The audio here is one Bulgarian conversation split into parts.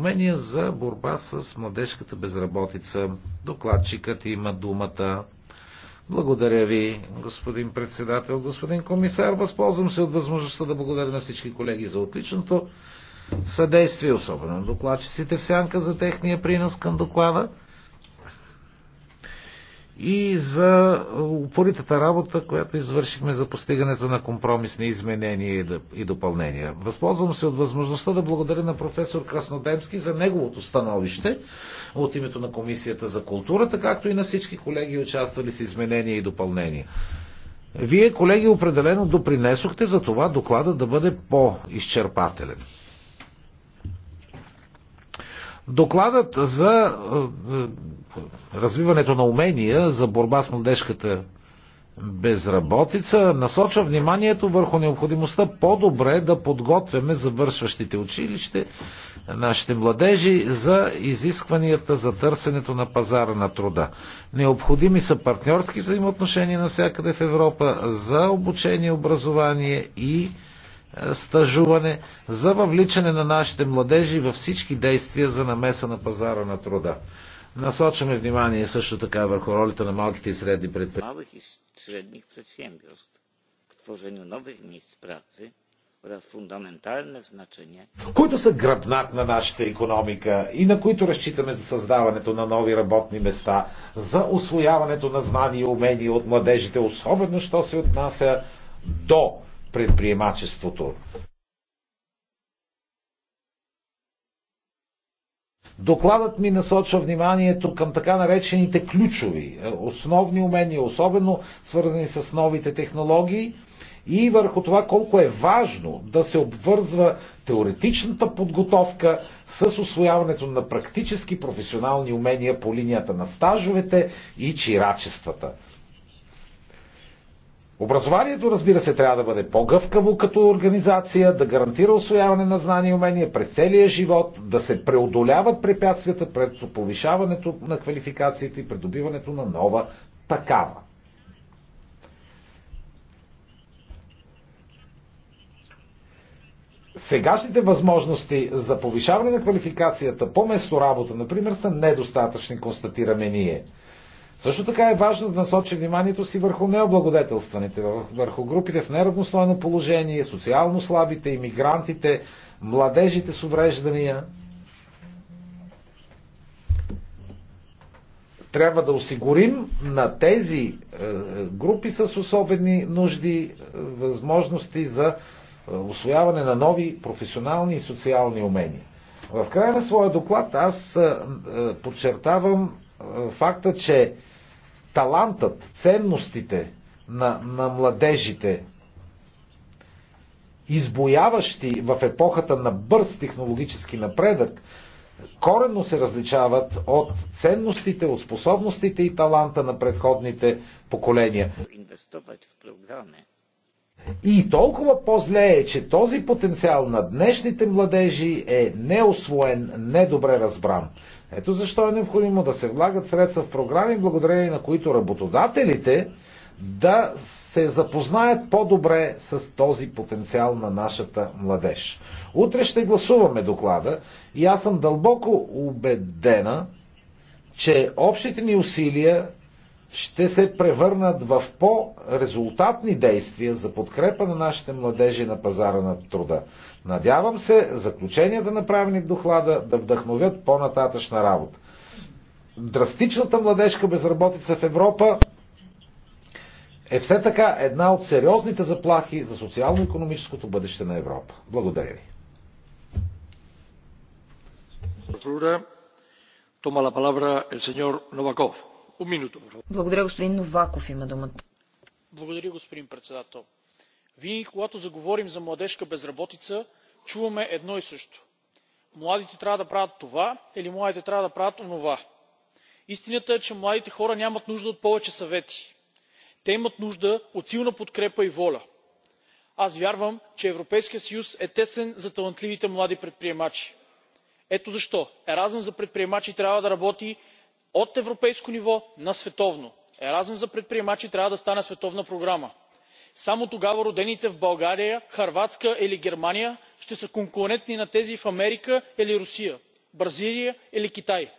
умения за борба с младежката безработица. Докладчикът има думата. Благодаря ви, господин председател, господин комисар. Възползвам се от възможността да благодаря на всички колеги за отличното съдействие, особено на докладчиците в сянка за техния принос към доклада и за упоритата работа, която извършихме за постигането на компромисни изменения и допълнения. Възползвам се от възможността да благодаря на професор Краснодемски за неговото становище от името на Комисията за културата, както и на всички колеги, участвали с изменения и допълнения. Вие, колеги, определено допринесохте за това доклада да бъде по-изчерпателен. Докладът за е, развиването на умения за борба с младежката безработица насочва вниманието върху необходимостта по-добре да подготвяме завършващите училище, нашите младежи за изискванията за търсенето на пазара на труда. Необходими са партньорски взаимоотношения навсякъде в Европа за обучение, образование и е, стажуване, за въвличане на нашите младежи във всички действия за намеса на пазара на труда. Насочваме внимание също така върху ролята на малките и средни предприятия tworzeniu nowych miejsc pracy oraz фундаменталne значение. Които са гръбнак на нашата економика и на които разчитаме за създаването на нови работни места, за освояването на знания и умения от младежите, особено що се отнася до предприемачеството. Докладът ми насочва вниманието към така наречените ключови, е, основни умения, особено свързани с новите технологии и върху това колко е важно да се обвързва теоретичната подготовка с освояването на практически професионални умения по линията на стажовете и чирачествата. Образованието, разбира се, трябва да бъде по-гъвкаво като организация, да гарантира освояване на знания и умения през целия живот, да се преодоляват препятствията пред повишаването на квалификациите и придобиването на нова такава. сегашните възможности за повишаване на квалификацията по место работа, например, са недостатъчни, констатираме ние. Също така е важно да насочи вниманието си върху необлагодетелстваните, върху групите в неравностойно положение, социално слабите, иммигрантите, младежите с увреждания. Трябва да осигурим на тези е, групи с особени нужди е, възможности за е, освояване на нови професионални и социални умения. В края на своя доклад аз подчертавам факта, че талантът, ценностите на, на младежите, избояващи в епохата на бърз технологически напредък, коренно се различават от ценностите, от способностите и таланта на предходните поколения. И толкова по-зле е, че този потенциал на днешните младежи е неосвоен, недобре разбран. Ето защо е необходимо да се влагат средства в програми, благодарение на които работодателите да се запознаят по-добре с този потенциал на нашата младеж. Утре ще гласуваме доклада и аз съм дълбоко убедена, че общите ни усилия ще се превърнат в по-резултатни действия за подкрепа на нашите младежи на пазара на труда. Надявам се заключенията направени в доклада да вдъхновят по-нататъчна работа. Драстичната младежка безработица в Европа е все така една от сериозните заплахи за социално-економическото бъдеще на Европа. Благодаря ви. Toma la palabra el сеньор Новаков. Благодаря, господин Новаков има думата. Благодаря, господин председател. Винаги, когато заговорим за младежка безработица, чуваме едно и също. Младите трябва да правят това или младите трябва да правят онова. Истината е, че младите хора нямат нужда от повече съвети. Те имат нужда от силна подкрепа и воля. Аз вярвам, че Европейския съюз е тесен за талантливите млади предприемачи. Ето защо Еразъм за предприемачи трябва да работи от европейско ниво на световно. еразъм за предприемачи трябва да стане световна програма. само тогава родените в българя хърватска или германия ще са конкурентни на тези в америка или русия бразилия или китай.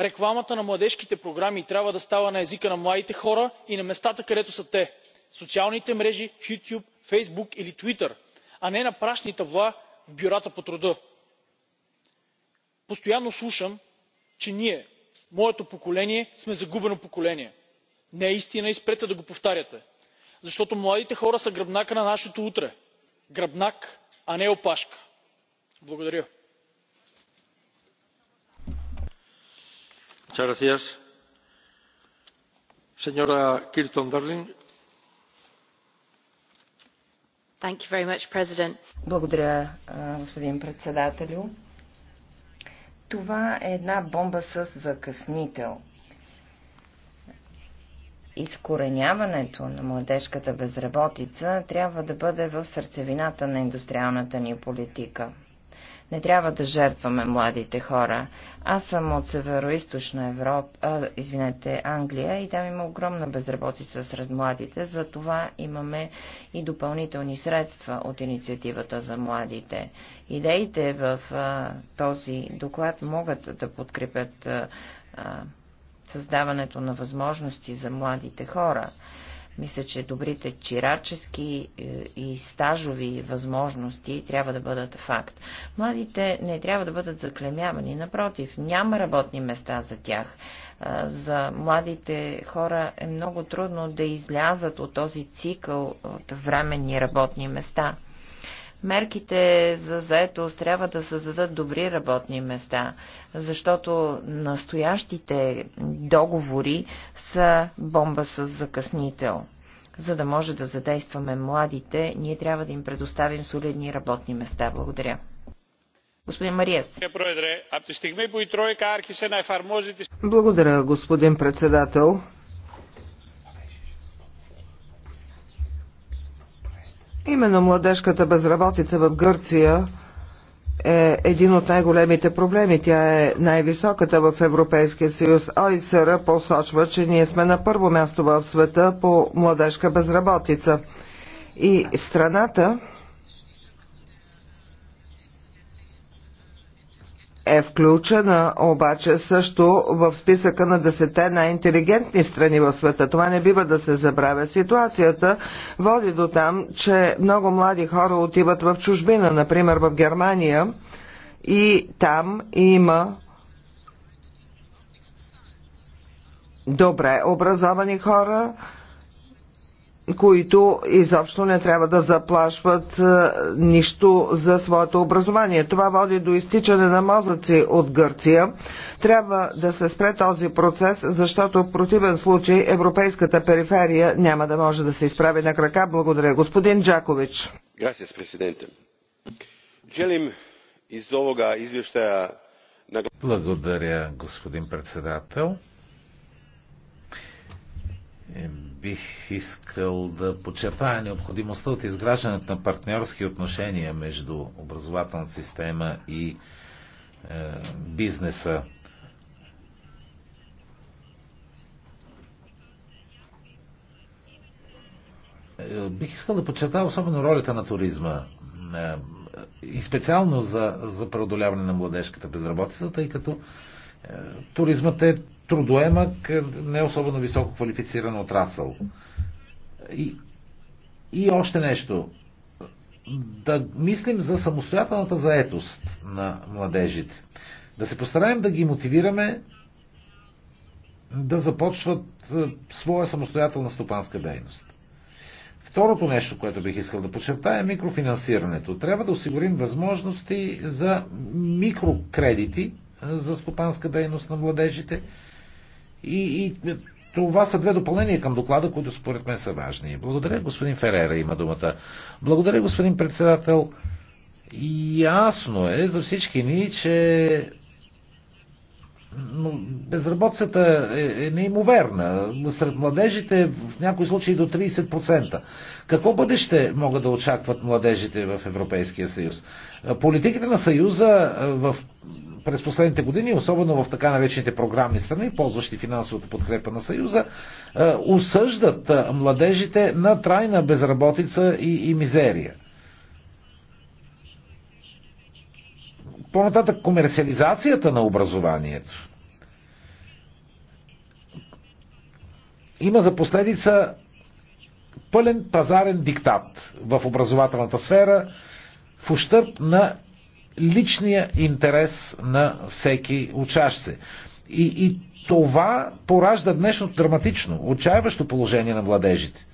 рекламата на младежките програми трябва да става на езика на младите хора и на местата където са те социалните мрежи в youtube facebook или twitter а не на прашни табла в бюрата по труда. постоянно слушам че ние моето поколение сме загубено поколение. не е истина и спрете да го повтаряте защото младите хора са гръбнакът на нашето утре. гръбнак а не опашка! благодаря. благодаря господин председателю. Това е една бомба с закъснител. Изкореняването на младежката безработица трябва да бъде в сърцевината на индустриалната ни политика. Не трябва да жертваме младите хора. Аз съм от Северо-Источна Европа, а, извинете, Англия и там има огромна безработица сред младите, за това имаме и допълнителни средства от инициативата за младите. Идеите в а, този доклад могат да подкрепят а, създаването на възможности за младите хора. Мисля, че добрите чирачески е, и стажови възможности трябва да бъдат факт. Младите не трябва да бъдат заклемявани. Напротив, няма работни места за тях. Е, за младите хора е много трудно да излязат от този цикъл от временни работни места. Мерките за заетост трябва да създадат добри работни места, защото настоящите договори са бомба с закъснител. За да може да задействаме младите, ние трябва да им предоставим солидни работни места. Благодаря. Господин Мариес. Е, Благодаря, господин председател. Именно младежката безработица в Гърция е един от най-големите проблеми. Тя е най-високата в Европейския съюз. ОИСР посочва, че ние сме на първо място в света по младежка безработица. И страната е включена обаче също в списъка на десете най-интелигентни страни в света. Това не бива да се забравя. Ситуацията води до там, че много млади хора отиват в чужбина, например в Германия, и там има добре образовани хора, които изобщо не трябва да заплашват е, нищо за своето образование. Това води до изтичане на мозъци от Гърция. Трябва да се спре този процес, защото в противен случай европейската периферия няма да може да се изправи на крака. Благодаря. Господин Джакович. Gracias, presidente. Želim iz ovoga izvještaja... Благодаря, господин председател. Е, бих искал да подчертая необходимостта от изграждането на партньорски отношения между образователната система и е, бизнеса. Е, бих искал да подчертая особено ролята на туризма е, и специално за, за преодоляване на младежката безработица, тъй като туризмът е трудоемък, не особено високо квалифициран отрасъл. И, и още нещо. Да мислим за самостоятелната заетост на младежите. Да се постараем да ги мотивираме да започват е, своя самостоятелна стопанска дейност. Второто нещо, което бих искал да подчертая е микрофинансирането. Трябва да осигурим възможности за микрокредити е, за стопанска дейност на младежите, и, и това са две допълнения към доклада, които според мен са важни. Благодаря, господин Ферера има думата. Благодаря, господин председател. Ясно е за всички ни, че но безработицата е, е неимоверна. Сред младежите в някои случаи до 30%. Какво бъдеще могат да очакват младежите в Европейския съюз? Политиките на съюза е, в, през последните години, особено в така наречените програмни страни, ползващи финансовата подкрепа на съюза, е, осъждат младежите на трайна безработица и, и мизерия. По-нататък комерциализацията на образованието има за последица пълен пазарен диктат в образователната сфера в ущърп на личния интерес на всеки учащ се. И, и това поражда днешното драматично, отчаяващо положение на младежите.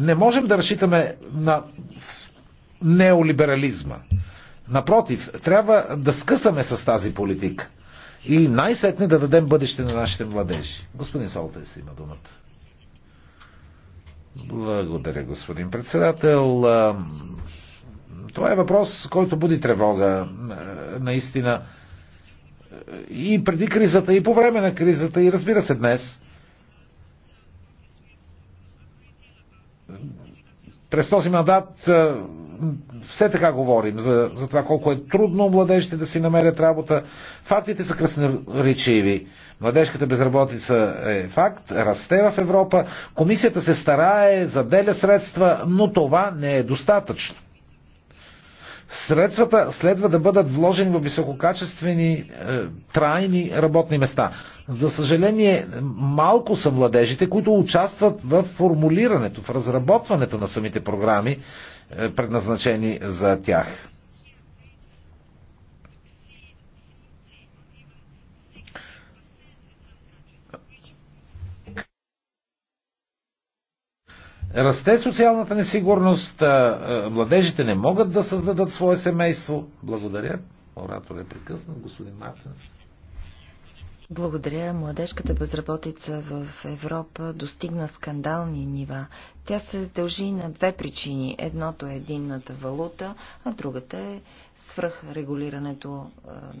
Не можем да разчитаме на неолиберализма. Напротив, трябва да скъсаме с тази политика и най-сетне да дадем бъдеще на нашите младежи. Господин Солтес има думата. Благодаря, господин председател. Това е въпрос, който буди тревога. Наистина. И преди кризата, и по време на кризата, и разбира се днес. През този мандат е, все така говорим за, за това колко е трудно младежите да си намерят работа. Фактите са красноречиви. Младежката безработица е факт, расте в Европа. Комисията се старае, заделя средства, но това не е достатъчно. Средствата следва да бъдат вложени в висококачествени, е, трайни работни места. За съжаление, малко са младежите, които участват в формулирането, в разработването на самите програми, е, предназначени за тях. Расте социалната несигурност, младежите не могат да създадат свое семейство. Благодаря. Оратор е прекъснат, господин Мартинс. Благодаря. Младежката безработица в Европа достигна скандални нива. Тя се дължи на две причини. Едното е единната валута, а другата е свръхрегулирането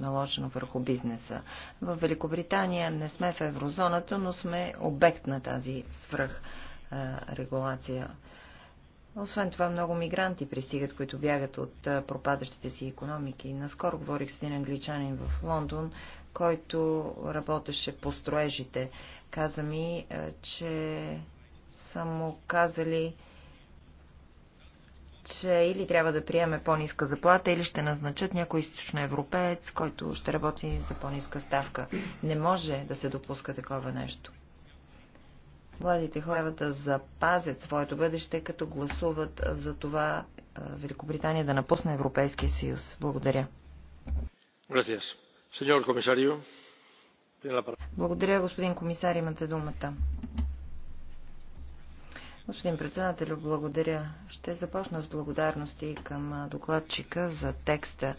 наложено върху бизнеса. В Великобритания не сме в еврозоната, но сме обект на тази свръх регулация. Освен това, много мигранти пристигат, които бягат от пропадащите си економики. Наскоро говорих с един англичанин в Лондон, който работеше по строежите. Каза ми, че са му казали, че или трябва да приеме по-ниска заплата, или ще назначат някой източноевропеец, който ще работи за по-ниска ставка. Не може да се допуска такова нещо. Младите хора да запазят своето бъдеще, като гласуват за това Великобритания да напусне Европейския съюз. Благодаря. Благодаря, господин комисар. Имате думата. Господин председател, благодаря. Ще започна с благодарности към докладчика за текста.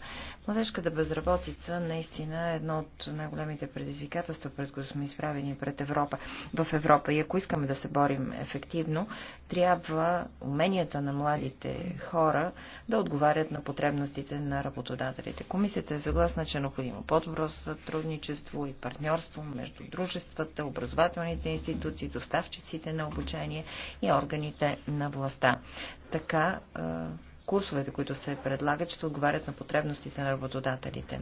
Младежката безработица наистина е едно от най-големите предизвикателства, пред които сме изправени пред Европа, в Европа. И ако искаме да се борим ефективно, трябва уменията на младите хора да отговарят на потребностите на работодателите. Комисията е съгласна, че е необходимо по-добро сътрудничество и партньорство между дружествата, образователните институции, доставчиците на обучение и органите на властта. Така курсовете, които се предлагат, ще отговарят на потребностите на работодателите.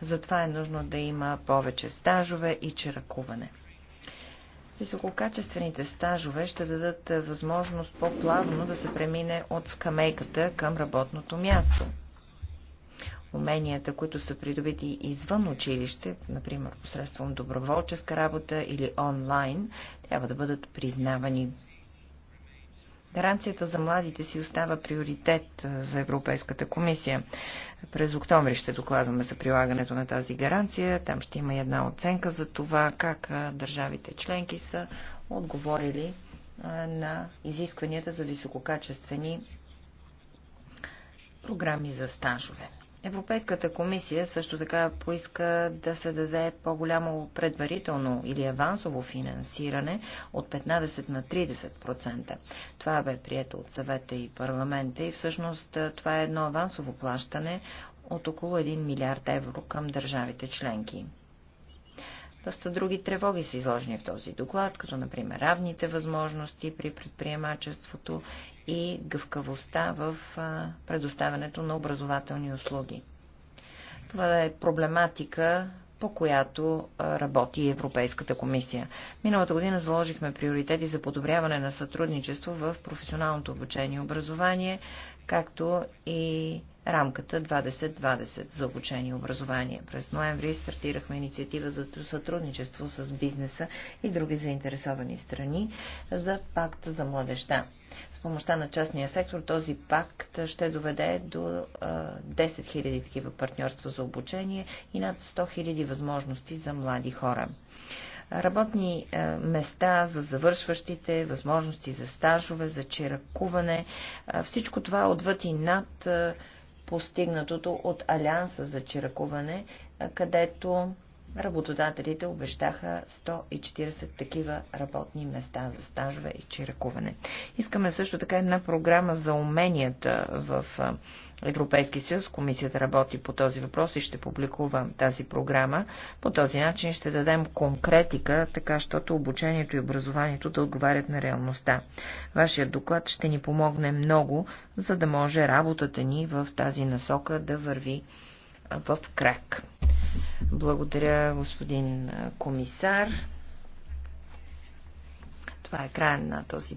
Затова е нужно да има повече стажове и чиракуване. Висококачествените стажове ще дадат възможност по-плавно да се премине от скамейката към работното място. Уменията, които са придобити извън училище, например посредством доброволческа работа или онлайн, трябва да бъдат признавани Гаранцията за младите си остава приоритет е, за Европейската комисия. През октомври ще докладваме за прилагането на тази гаранция. Там ще има една оценка за това как е, държавите членки са отговорили е, на изискванията за висококачествени програми за стажове. Европейската комисия също така поиска да се даде по-голямо предварително или авансово финансиране от 15 на 30%. Това бе прието от съвета и парламента и всъщност това е едно авансово плащане от около 1 милиард евро към държавите членки. Доста други тревоги са изложени в този доклад, като например равните възможности при предприемачеството и гъвкавостта в предоставянето на образователни услуги. Това е проблематика, по която работи Европейската комисия. Миналата година заложихме приоритети за подобряване на сътрудничество в професионалното обучение и образование, както и рамката 2020 за обучение и образование. През ноември стартирахме инициатива за сътрудничество с бизнеса и други заинтересовани страни за пакта за младеща. С помощта на частния сектор този пакт ще доведе до 10 000 такива партньорства за обучение и над 100 000 възможности за млади хора работни места за завършващите, възможности за стажове, за чиракуване. Всичко това отвъд и над постигнатото от Алианса за чиракуване, където Работодателите обещаха 140 такива работни места за стажове и чиракуване. Искаме също така една програма за уменията в Европейски съюз. Комисията работи по този въпрос и ще публикува тази програма. По този начин ще дадем конкретика, така щото обучението и образованието да отговарят на реалността. Вашият доклад ще ни помогне много, за да може работата ни в тази насока да върви в крак. Благодаря, господин комисар. Това е края на този